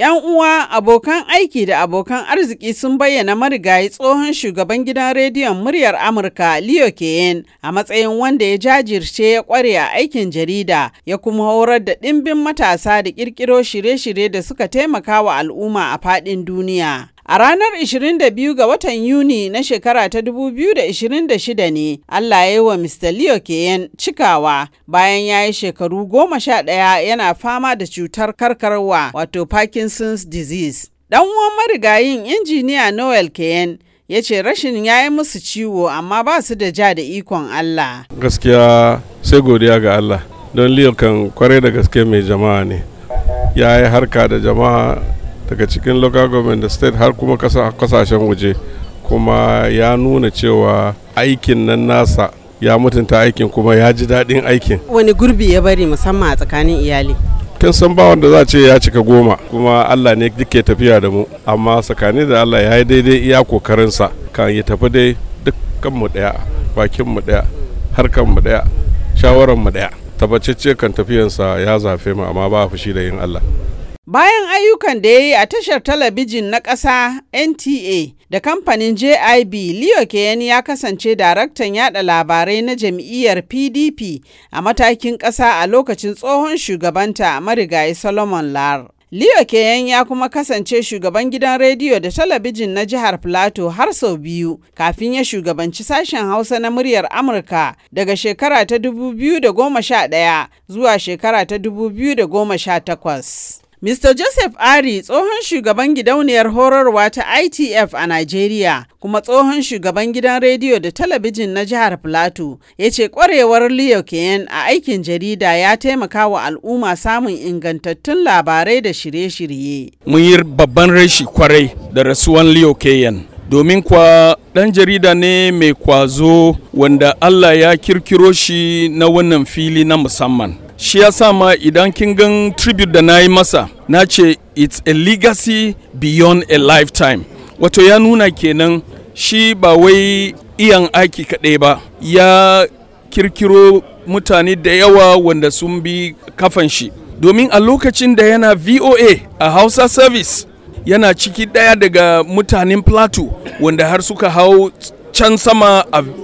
'Yan uwa, abokan aiki da abokan arziki sun bayyana marigayi tsohon shugaban gidan rediyon muryar Amurka Leo Keyen a matsayin wanda ya jajirce ya kware a aikin jarida ya kuma horar da ɗimbin matasa da ƙirƙiro shirye-shirye da suka taimaka wa al'umma a faɗin duniya. A ranar 22 ga watan Yuni na shekara ta 2026 ne Allah ya yi wa Mr. Leo Keyen cikawa bayan ya yi shekaru goma sha ɗaya yana fama da cutar karkarwa wato Parkinson's disease. Dan uwan marigayin injiniya Noel Keyen ya ce rashin ya yi musu ciwo amma ba su da ja da ikon Allah. Gaskiya sai godiya ga Allah don Leo kan kware da gaske mai jama'a ne. Ya yi harka da jama'a daga cikin local government da state har kuma kasashen waje kuma ya nuna cewa aikin nan nasa ya mutunta aikin kuma ya ji daɗin aikin wani gurbi ya bari musamman a tsakanin iyali kin san ba wanda za ce ya cika goma kuma allah ne ke tafiya da mu amma tsakanin da allah ya yi daidai iya kokarinsa kan ya tafi dai dukkan mu ɗaya mu ɗaya mu ɗaya mu ɗaya tabbacecce kan tafiyansa ya zafe mu amma ba fushi da yin allah Bayan ayyukan da ya yi a tashar talabijin na ƙasa NTA da kamfanin JIB, Leo Keyani ya kasance daraktan yada labarai na jam'iyyar PDP a matakin ƙasa a lokacin tsohon shugabanta marigayi Solomon Lar. Leo Keyan ya kuma kasance shugaban gidan rediyo da talabijin na jihar Plateau har sau biyu kafin ya shugabanci sashen Hausa na muryar Amurka daga shekara ta 2011 zuwa shekara ta 2018. Mr. Joseph Ari tsohon shugaban gidauniyar horarwa ta ITF a Najeriya kuma tsohon shugaban gidan rediyo da talabijin na jihar Plateau ya ce kwarewar Leo Kien a aikin jarida ya taimaka wa al'umma samun ingantattun labarai da shirye-shirye. Mun yi babban rashi kwarai da rasuwan Leo Kien. Domin kwa ɗan jarida ne mai kwazo wanda Allah ya kirkiro shi na wannan fili na musamman. shi ya sa ma idan kin gan tribute da na yi masa na ce it's a legacy beyond a lifetime wato ya nuna kenan shi ba wai iyan aiki kaɗai ba ya kirkiro mutane da yawa wanda sun bi kafan shi domin a lokacin da yana voa a hausa service yana ciki ɗaya daga mutanen plateau wanda har suka hau can sama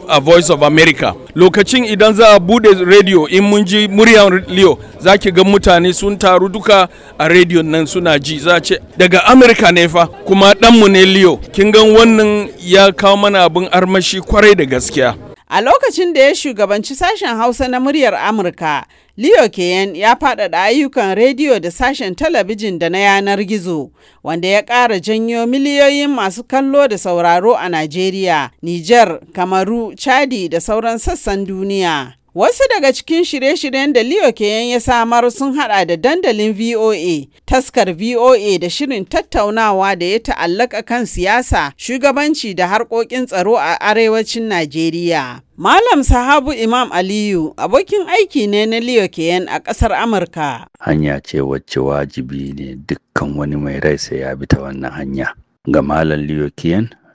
a voice of america lokacin idan za a bude rediyo in mun ji muryar leo za ki ga mutane sun taru duka a rediyon nan suna ji za ce daga amurka ne fa kuma ɗanmu ne leo kin gan wannan ya kawo mana abin armashi kwarai da gaskiya A lokacin da ya shugabanci sashen Hausa na muryar Amurka, Leo Keyen ya faɗaɗa ayyukan rediyo da sashen talabijin da na yanar gizo, wanda ya ƙara janyo miliyoyin masu kallo da sauraro a Najeriya, Nijar, Kamaru, Chadi da sauran sassan duniya. Wasu daga cikin shirye-shiryen da Leo Keyan ya samar sun haɗa da dandalin VOA, taskar VOA da shirin tattaunawa da ya ta'allaka kan siyasa, shugabanci da harkokin tsaro a arewacin Najeriya. Malam Sahabu Imam Aliyu abokin aiki ne na Leo Keyan a ƙasar Amurka. Hanya ce wacce wajibi ne dukkan wani mai rai sai ya bi ta wannan hanya. Ga Malam Leo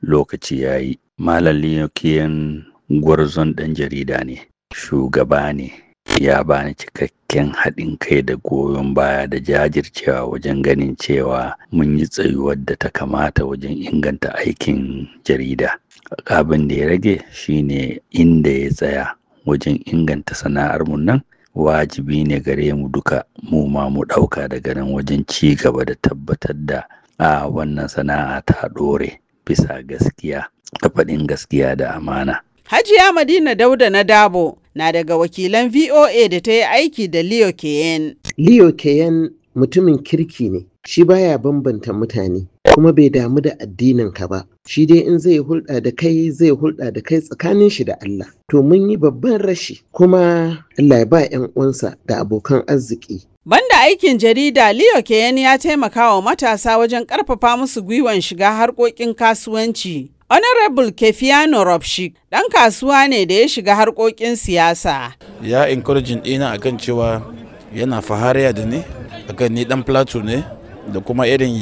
lokaci ya yi. Malam Leo Keyan gwarzon ɗan jarida ne. shugaba ne ya bani cikakken haɗin kai da goyon baya da jajircewa wajen ganin cewa mun yi tsayuwar da ta kamata wajen inganta aikin jarida abin da ya rage shine inda ya tsaya wajen inganta sana'armu nan wajibi ne gare mu duka mu ma mu ɗauka daga nan wajen ci gaba da tabbatar da a wannan sana'a ta ɗore bisa gaskiya da faɗin gaskiya da amana Hajiya Madina Dauda na Dabo na daga wakilan VOA da ta yi aiki da Leo Keyen. Leo Keyen mutumin kirki ne, shi baya bambanta mutane, kuma bai damu da addinin ka ba. Shi dai in zai hulɗa da kai zai hulɗa da kai tsakanin shi da Allah. To mun yi babban rashi kuma Allah ba 'yan uwansa da abokan arziki. Banda aikin jarida Leo Keyen ya taimaka wa matasa wajen ƙarfafa musu gwiwan shiga harkokin kasuwanci Honorable Kefiano Ropshik ɗan kasuwa ne da ya shiga harkokin siyasa. Ya encouraging ɗina akan cewa yana fahariya da ni, akan ni ɗan plato ne, da kuma irin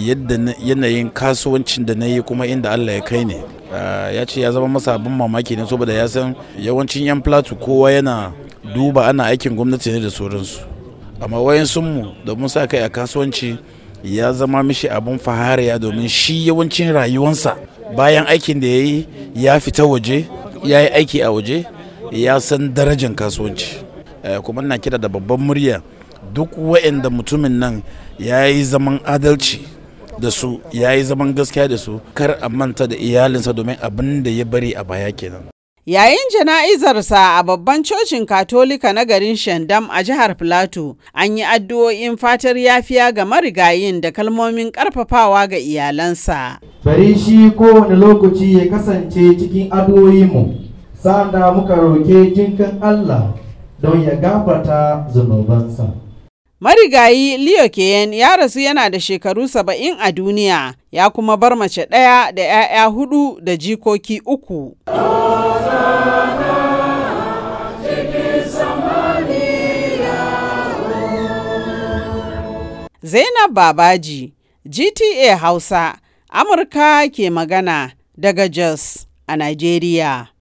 yanayin kasuwancin da na yi kuma inda Allah ya kai ne. Ah, ya ce ya zama masa abin mamaki ne saboda ya san yawancin 'yan plato kowa yana duba ana aikin gwamnati ne da sauransu. Amma wayan sunmu da mun sa kai a kasuwanci ya zama mishi abin fahariya domin shi yawancin rayuwansa bayan aikin da ya yi ya fita waje ya yi aiki a waje ya san darajar kasuwanci eh, kuma na kira da babban murya duk wa'anda mutumin nan ya yi zaman adalci da su ya yi zaman gaskiya da su kar a manta da iyalinsa domin abin da ya bari a baya kenan Yayin jana'izarsa a babban cocin Katolika na garin Shandam a jihar Filato, an yi addu'o'in fatar yafiya ga marigayin da kalmomin ƙarfafawa ga iyalansa. Bari shi kowane lokaci ya kasance cikin addu'o'inmu, sa'an muka roke jinkan Allah don ya gabata zunubansa. Marigayi Leo Keyen ya rasu yana da shekaru saba'in a duniya ya kuma bar mace ɗaya da 'ya'ya hudu da jikoki uku. Zainab Babaji, GTA Hausa, Amurka ke magana daga Jos a Najeriya.